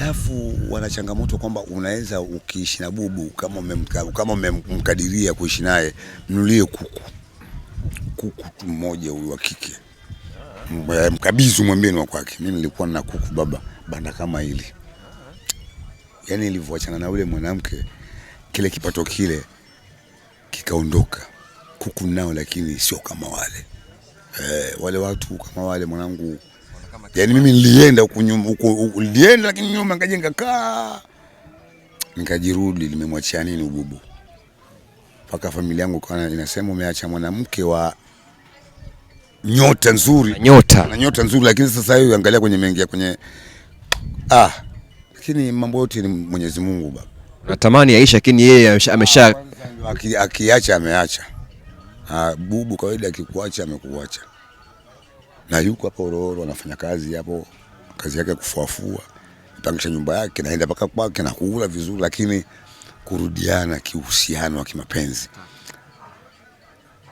Halafu wana changamoto kwamba unaweza ukiishi na bubu kama umemka, kama umemkadiria kuishi naye, mnulie kuku kuku tu mmoja huyu wa kike, mkabizi ni wa kwake. Mimi nilikuwa na kuku baba, banda kama hili yani, nilivyoachana na yule mwanamke, kile kipato kile kikaondoka. Kuku nao, lakini sio kama wale eh, wale watu kama wale mwanangu Yaani mimi nilienda huko nyuma huko nilienda lakini nyuma nikajenga ka Nikajirudi nimemwachia nini ububu. Paka familia yangu kwa inasema umeacha mwanamke wa nyota nzuri. Na nyota. Na nyota nzuri lakini sasa hivi angalia kwenye mengia kwenye ah lakini mambo yote ni Mwenyezi Mungu baba. Natamani aisha lakini yeye amesha ah, akiacha ameacha. Ah, bubu kawaida akikuacha amekuacha na yuko hapo Ororo anafanya kazi hapo, kazi yake ya kufuafua, pangisha nyumba yake, naenda mpaka kwake na kula vizuri, lakini kurudiana kiuhusiano wa kimapenzi